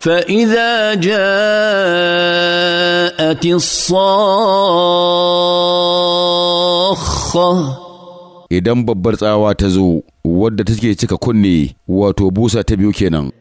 فاذا جاءت idan babbar tsawa ta zo wadda take cika kunne wato busa ta biyu kenan